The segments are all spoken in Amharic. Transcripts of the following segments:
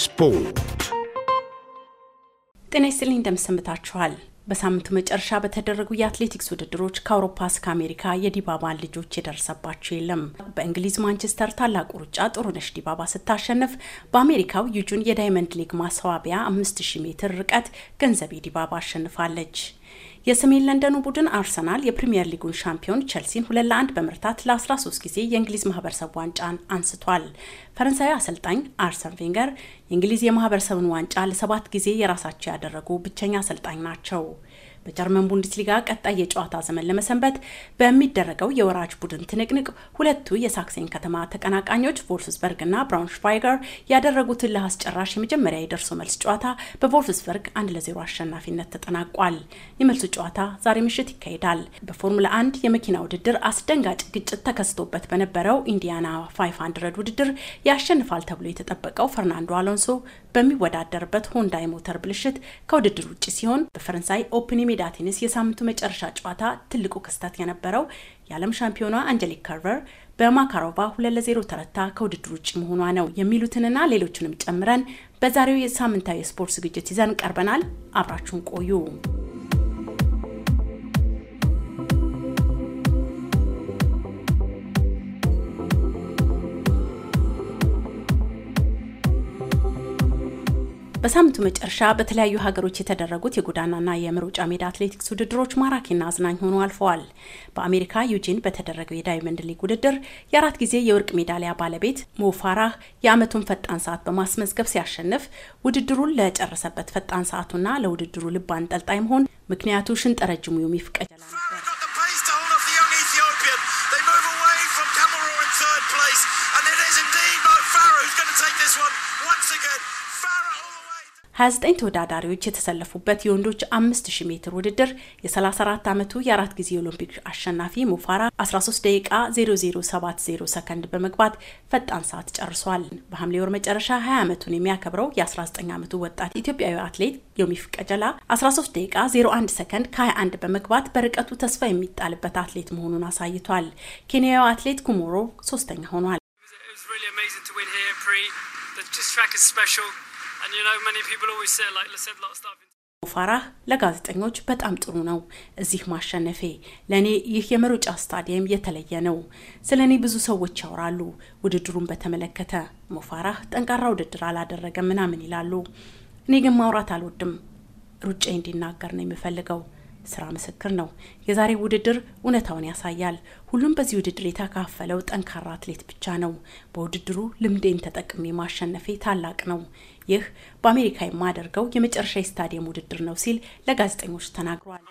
ስፖርት ጤና ይስጥልኝ፣ እንደምሰንብታችኋል። በሳምንቱ መጨረሻ በተደረጉ የአትሌቲክስ ውድድሮች ከአውሮፓ እስከ አሜሪካ የዲባባን ልጆች የደረሰባቸው የለም። በእንግሊዝ ማንቸስተር ታላቁ ሩጫ ጥሩነሽ ዲባባ ስታሸንፍ፣ በአሜሪካው ዩጁን የዳይመንድ ሊግ ማስዋቢያ 5000 ሜትር ርቀት ገንዘቤ ዲባባ አሸንፋለች። የሰሜን ለንደኑ ቡድን አርሰናል የፕሪምየር ሊጉን ሻምፒዮን ቸልሲን ሁለት ለአንድ በመርታት ለ13 ጊዜ የእንግሊዝ ማህበረሰብ ዋንጫን አንስቷል። ፈረንሳዊ አሰልጣኝ አርሰን ቬንገር የእንግሊዝ የማህበረሰብን ዋንጫ ለሰባት ጊዜ የራሳቸው ያደረጉ ብቸኛ አሰልጣኝ ናቸው። በጀርመን ቡንድስሊጋ ቀጣይ የጨዋታ ዘመን ለመሰንበት በሚደረገው የወራጅ ቡድን ትንቅንቅ ሁለቱ የሳክሴን ከተማ ተቀናቃኞች ቮልፍስበርግ እና ብራውንሽቫይገር ያደረጉትን ለአስጨራሽ የመጀመሪያ የደርሶ መልስ ጨዋታ በቮልፍስበርግ አንድ ለዜሮ አሸናፊነት ተጠናቋል። የመልሱ ጨዋታ ዛሬ ምሽት ይካሄዳል። በፎርሙላ አንድ የመኪና ውድድር አስደንጋጭ ግጭት ተከስቶበት በነበረው ኢንዲያና 500 ውድድር ያሸንፋል ተብሎ የተጠበቀው ፈርናንዶ አሎንሶ በሚወዳደርበት ሆንዳይ ሞተር ብልሽት ከውድድር ውጭ ሲሆን በፈረንሳይ ኦፕን ሜዳ ቴኒስ የሳምንቱ መጨረሻ ጨዋታ ትልቁ ክስተት የነበረው የዓለም ሻምፒዮኗ አንጀሊክ ከርቨር በማካሮቫ ሁለት ለዜሮ ተረታ ከውድድር ውጭ መሆኗ ነው የሚሉትንና ሌሎችንም ጨምረን በዛሬው የሳምንታዊ የስፖርት ዝግጅት ይዘን ቀርበናል። አብራችሁን ቆዩ። በሳምንቱ መጨረሻ በተለያዩ ሀገሮች የተደረጉት የጎዳናና የመሮጫ ሜዳ አትሌቲክስ ውድድሮች ማራኪና አዝናኝ ሆኖ አልፈዋል። በአሜሪካ ዩጂን በተደረገው የዳይመንድ ሊግ ውድድር የአራት ጊዜ የወርቅ ሜዳሊያ ባለቤት ሞፋራህ የዓመቱን ፈጣን ሰዓት በማስመዝገብ ሲያሸንፍ ውድድሩን ለጨረሰበት ፈጣን ሰዓቱና ለውድድሩ ልብ አንጠልጣይ መሆን ምክንያቱ ሽንጠረጅሙ የሚፍቀ 29 ተወዳዳሪዎች የተሰለፉበት የወንዶች 5000 ሜትር ውድድር የ34 ዓመቱ የአራት ጊዜ የኦሎምፒክ አሸናፊ ሞፋራ 13 ደቂቃ 0070 ሰከንድ በመግባት ፈጣን ሰዓት ጨርሷል። በሐምሌ ወር መጨረሻ 20 ዓመቱን የሚያከብረው የ19 ዓመቱ ወጣት ኢትዮጵያዊ አትሌት ዮሚፍ ቀጀላ 13 ደቂቃ 01 ሰከንድ ከ21 በመግባት በርቀቱ ተስፋ የሚጣልበት አትሌት መሆኑን አሳይቷል። ኬንያዊ አትሌት ኩሞሮ ሶስተኛ ሆኗል። ፋራህ ለጋዜጠኞች በጣም ጥሩ ነው። እዚህ ማሸነፌ ለእኔ ይህ የመሮጫ ስታዲየም የተለየ ነው። ስለ እኔ ብዙ ሰዎች ያወራሉ። ውድድሩን በተመለከተ ሞፋራህ ጠንካራ ውድድር አላደረገም ምናምን ይላሉ። እኔ ግን ማውራት አልወድም። ሩጬ እንዲናገር ነው የምፈልገው። ስራ ምስክር ነው። የዛሬ ውድድር እውነታውን ያሳያል። ሁሉም በዚህ ውድድር የተካፈለው ጠንካራ አትሌት ብቻ ነው። በውድድሩ ልምዴን ተጠቅሜ ማሸነፌ ታላቅ ነው። ይህ በአሜሪካ የማደርገው የመጨረሻ የስታዲየም ውድድር ነው ሲል ለጋዜጠኞች ተናግሯል።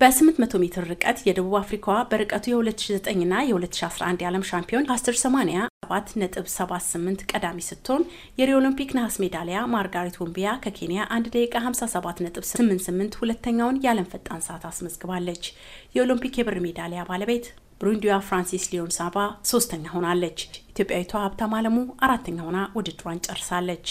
በ800 ሜትር ርቀት የደቡብ አፍሪካዋ በርቀቱ የ2009ና የ2011 የዓለም ሻምፒዮን ካስተር ሰማኒያ 7.78 ቀዳሚ ስትሆን የሪዮ ኦሎምፒክ ነሐስ ሜዳሊያ ማርጋሪት ወምቢያ ከኬንያ 1 ደቂቃ 57.88 ሁለተኛውን የዓለም ፈጣን ሰዓት አስመዝግባለች። የኦሎምፒክ የብር ሜዳሊያ ባለቤት ብሩንዲዋ ፍራንሲስ ሊዮን ሳባ ሶስተኛ ሆናለች። ኢትዮጵያዊቷ ሀብታም አለሙ አራተኛ ሆና ውድድሯን ጨርሳለች።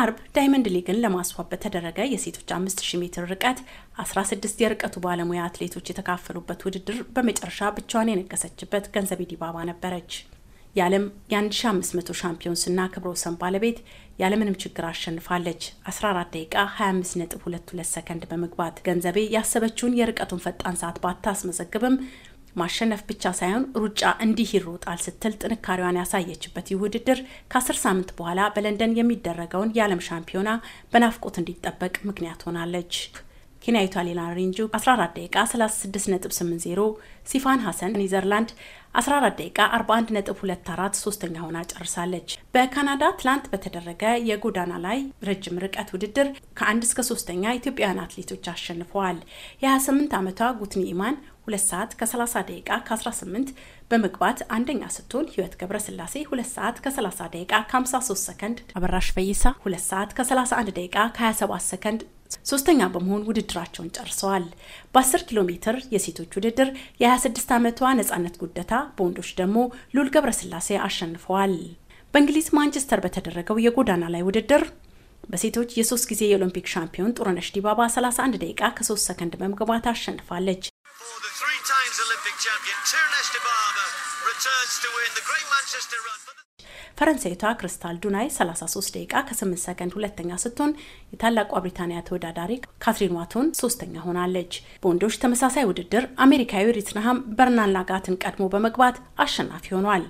አርብ ዳይመንድ ሊግን ለማስዋብ በተደረገ የሴቶች 5000 ሜትር ርቀት 16 የርቀቱ ባለሙያ አትሌቶች የተካፈሉበት ውድድር በመጨረሻ ብቻዋን የነገሰችበት ገንዘቤ ዲባባ ነበረች። የዓለም የ1500 ሻምፒዮንስና ክብረ ወሰን ባለቤት ያለምንም ችግር አሸንፋለች። 14 ደቂቃ 25.22 ሰከንድ በመግባት ገንዘቤ ያሰበችውን የርቀቱን ፈጣን ሰዓት ባታስመዘግብም ማሸነፍ ብቻ ሳይሆን ሩጫ እንዲህ ይሮጣል ስትል ጥንካሬዋን ያሳየችበት ይህ ውድድር ከአስር ሳምንት በኋላ በለንደን የሚደረገውን የዓለም ሻምፒዮና በናፍቆት እንዲጠበቅ ምክንያት ሆናለች። ኬንያዊቷ ሌና ሪንጁ 14 ደቂቃ 36.80፣ ሲፋን ሀሰን ኔዘርላንድ 14 ደቂቃ 41.24 ሶስተኛ ሆና ጨርሳለች። በካናዳ ትላንት በተደረገ የጎዳና ላይ ረጅም ርቀት ውድድር ከአንድ እስከ ሶስተኛ ኢትዮጵያውያን አትሌቶች አሸንፈዋል። የ28 ዓመቷ ጉትኒ ኢማን 2 ሰዓት ከ30 ደቂቃ ከ18 በመግባት አንደኛ ስትሆን ህይወት ስላሴ 2 ሰዓት ከ30 ደቂቃ ከ53 ሰከንድ፣ አበራሽ ፈይሳ 2 ሰዓት ከ31 ደቂቃ ከ27 ሰከንድ ሶስተኛ በመሆን ውድድራቸውን ጨርሰዋል። በ10 ኪሎ ሜትር የሴቶች ውድድር የ26 ዓመቷ ነጻነት ጉደታ፣ በወንዶች ደግሞ ሉል ገብረስላሴ አሸንፈዋል። በእንግሊዝ ማንቸስተር በተደረገው የጎዳና ላይ ውድድር በሴቶች የሶስት ጊዜ የኦሎምፒክ ሻምፒዮን ጥሩነሽ ዲባባ 31 ደቂቃ ከ3 ሰከንድ በመግባት አሸንፋለች። returns to win the Great Manchester Run. ፈረንሳይቷ ክሪስታል ዱናይ 33 ደቂቃ ከ8 ሰከንድ ሁለተኛ ስትሆን የታላቋ ብሪታንያ ተወዳዳሪ ካትሪን ዋቶን ሶስተኛ ሆናለች። በወንዶች ተመሳሳይ ውድድር አሜሪካዊ ሪትናሃም በርናን ላጋትን ቀድሞ በመግባት አሸናፊ ሆኗል።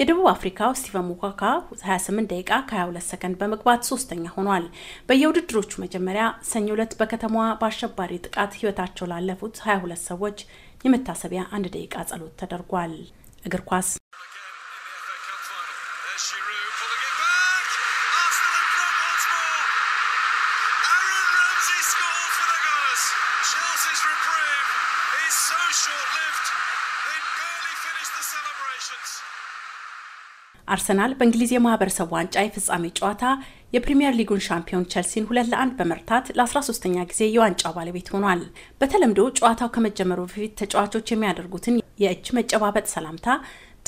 የደቡብ አፍሪካው ስቲቨን ሙኳካ 28 ደቂቃ ከ22 ሰከንድ በመግባት ሶስተኛ ሆኗል። በየውድድሮቹ መጀመሪያ ሰኞ ዕለት በከተማዋ በአሸባሪ ጥቃት ህይወታቸው ላለፉት 22 ሰዎች የመታሰቢያ አንድ ደቂቃ ጸሎት ተደርጓል። እግር ኳስ አርሰናል በእንግሊዝ የማህበረሰብ ዋንጫ የፍጻሜ ጨዋታ የፕሪምየር ሊጉን ሻምፒዮን ቸልሲን ሁለት ለአንድ በመርታት ለ13ኛ ጊዜ የዋንጫ ባለቤት ሆኗል። በተለምዶ ጨዋታው ከመጀመሩ በፊት ተጫዋቾች የሚያደርጉትን የእጅ መጨባበጥ ሰላምታ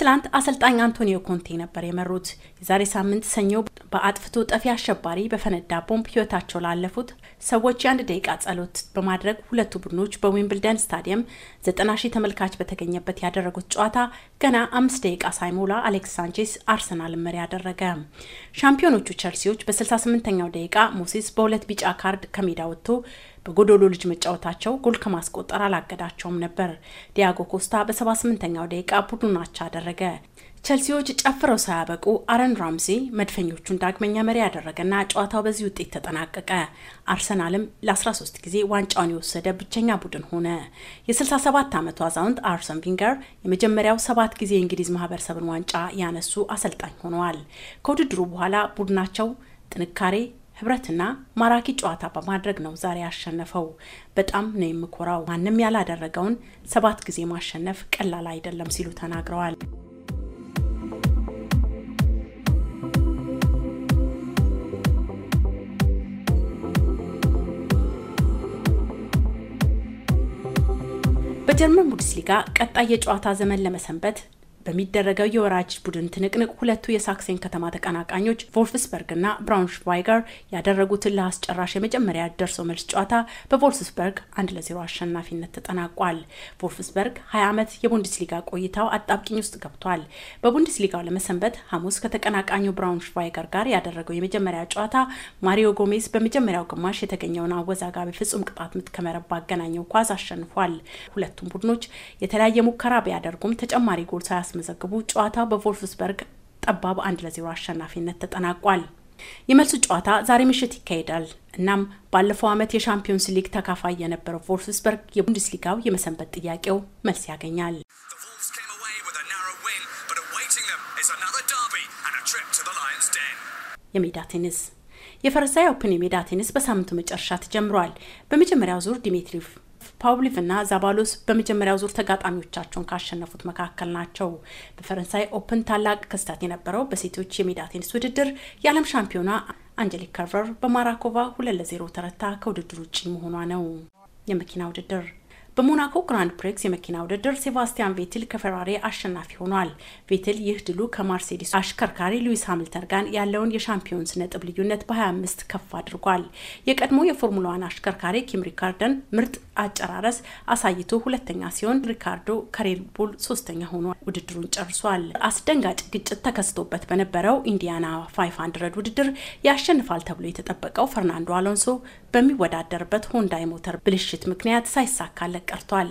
ትላንት አሰልጣኝ አንቶኒዮ ኮንቴ ነበር የመሩት። የዛሬ ሳምንት ሰኞ በአጥፍቶ ጠፊ አሸባሪ በፈነዳ ቦምብ ሕይወታቸው ላለፉት ሰዎች የአንድ ደቂቃ ጸሎት በማድረግ ሁለቱ ቡድኖች በዊምብልደን ስታዲየም ዘጠና ሺህ ተመልካች በተገኘበት ያደረጉት ጨዋታ ገና አምስት ደቂቃ ሳይሞላ አሌክስ ሳንቼስ አርሰናል መሪ አደረገ። ሻምፒዮኖቹ ቸልሲዎች በ68ኛው ደቂቃ ሞሴስ በሁለት ቢጫ ካርድ ከሜዳ ወጥቶ በጎዶሎ ልጅ መጫወታቸው ጎል ከማስቆጠር አላገዳቸውም ነበር። ዲያጎ ኮስታ በ78ኛው ደቂቃ ቡድኑን አቻ አደረገ። ቸልሲዎች ጨፍረው ሳያበቁ አረን ራምሴ መድፈኞቹን ዳግመኛ መሪ ያደረገና ጨዋታው በዚህ ውጤት ተጠናቀቀ። አርሰናልም ለ13 ጊዜ ዋንጫውን የወሰደ ብቸኛ ቡድን ሆነ። የ67 ዓመቱ አዛውንት አርሰን ቪንገር የመጀመሪያው ሰባት ጊዜ የእንግሊዝ ማህበረሰብን ዋንጫ ያነሱ አሰልጣኝ ሆነዋል። ከውድድሩ በኋላ ቡድናቸው ጥንካሬ ህብረትና ማራኪ ጨዋታ በማድረግ ነው ዛሬ ያሸነፈው። በጣም ነው የምኮራው። ማንም ያላደረገውን ሰባት ጊዜ ማሸነፍ ቀላል አይደለም ሲሉ ተናግረዋል። በጀርመን ቡንደስሊጋ ቀጣይ የጨዋታ ዘመን ለመሰንበት በሚደረገው የወራጅ ቡድን ትንቅንቅ ሁለቱ የሳክሴን ከተማ ተቀናቃኞች ቮልፍስበርግ ቮልፍስበርግና ብራውንሽቫይገር ያደረጉትን ለአስጨራሽ የመጀመሪያ ደርሶ መልስ ጨዋታ በቮልፍስበርግ አንድ ለዜሮ አሸናፊነት ተጠናቋል። ቮልፍስበርግ 20 ዓመት የቡንድስሊጋ ቆይታው አጣብቂኝ ውስጥ ገብቷል። በቡንድስሊጋው ለመሰንበት ሐሙስ ከተቀናቃኙ ብራውንሽቫይገር ጋር ያደረገው የመጀመሪያ ጨዋታ ማሪዮ ጎሜዝ በመጀመሪያው ግማሽ የተገኘውን አወዛጋቢ ፍጹም ቅጣት ምት ከመረብ ባገናኘው ኳስ አሸንፏል። ሁለቱም ቡድኖች የተለያየ ሙከራ ቢያደርጉም ተጨማሪ ጎል ሳያስመ በማስመዘግቡ ጨዋታው በቮልፍስበርግ ጠባብ አንድ ለዜሮ አሸናፊነት ተጠናቋል። የመልሱ ጨዋታ ዛሬ ምሽት ይካሄዳል። እናም ባለፈው ዓመት የሻምፒዮንስ ሊግ ተካፋይ የነበረው ቮልፍስበርግ የቡንደስሊጋው የመሰንበት ጥያቄው መልስ ያገኛል። የሜዳ ቴኒስ የፈረንሳይ ኦፕን የሜዳ ቴኒስ በሳምንቱ መጨረሻ ተጀምሯል። በመጀመሪያው ዙር ዲሜትሪቭ ፓውሊቭ እና ዛባሎስ በመጀመሪያው ዙር ተጋጣሚዎቻቸውን ካሸነፉት መካከል ናቸው። በፈረንሳይ ኦፕን ታላቅ ክስተት የነበረው በሴቶች የሜዳ ቴኒስ ውድድር የዓለም ሻምፒዮኗ አንጀሊክ ከርቨር በማራኮቫ ሁለት ለዜሮ ተረታ ከውድድር ውጭ መሆኗ ነው። የመኪና ውድድር በሞናኮ ግራንድ ፕሪክስ የመኪና ውድድር ሴባስቲያን ቬትል ከፌራሪ አሸናፊ ሆኗል። ቬትል ይህ ድሉ ከማርሴዲስ አሽከርካሪ ሉዊስ ሃምልተን ጋር ያለውን የሻምፒዮንስ ነጥብ ልዩነት በ25 ከፍ አድርጓል። የቀድሞ የፎርሙላ ዋን አሽከርካሪ ኪም ሪካርደን ምርጥ አጨራረስ አሳይቶ ሁለተኛ ሲሆን ሪካርዶ ከሬድ ሶስተኛ ሆኖ ውድድሩን ጨርሷል። አስደንጋጭ ግጭት ተከስቶበት በነበረው ኢንዲያና 500 ውድድር ያሸንፋል ተብሎ የተጠበቀው ፈርናንዶ አሎንሶ በሚወዳደርበት ሆንዳይ ሞተር ብልሽት ምክንያት ሳይሳካለ ቀርቷል።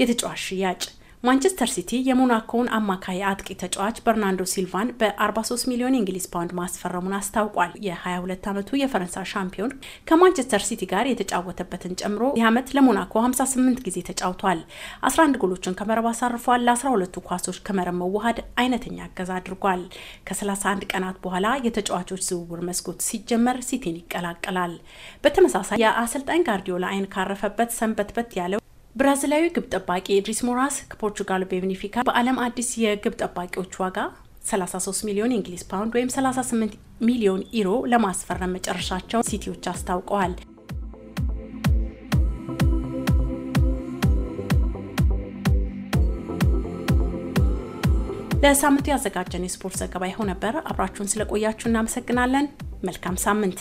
የተጫዋች ሽያጭ ማንቸስተር ሲቲ የሞናኮውን አማካይ አጥቂ ተጫዋች በርናንዶ ሲልቫን በ43 ሚሊዮን የእንግሊዝ ፓውንድ ማስፈረሙን አስታውቋል። የ22 ዓመቱ የፈረንሳይ ሻምፒዮን ከማንቸስተር ሲቲ ጋር የተጫወተበትን ጨምሮ ይህ ዓመት ለሞናኮ 58 ጊዜ ተጫውቷል። 11 ጎሎችን ከመረብ አሳርፏል። ለ12ቱ ኳሶች ከመረብ መዋሃድ አይነተኛ እገዛ አድርጓል። ከ31 ቀናት በኋላ የተጫዋቾች ዝውውር መስኮት ሲጀመር ሲቲን ይቀላቀላል። በተመሳሳይ የአሰልጣኝ ጋርዲዮላ አይን ካረፈበት ሰንበትበት ያለው ብራዚላዊ ግብ ጠባቂ ኢድሪስ ሞራስ ከፖርቹጋሉ ቤኒፊካ በዓለም አዲስ የግብ ጠባቂዎች ዋጋ 33 ሚሊዮን የእንግሊዝ ፓውንድ ወይም 38 ሚሊዮን ኢሮ ለማስፈረም መጨረሻቸውን ሲቲዎች አስታውቀዋል። ለሳምንቱ ያዘጋጀን የስፖርት ዘገባ ይኸው ነበር። አብራችሁን ስለቆያችሁ እናመሰግናለን። መልካም ሳምንት።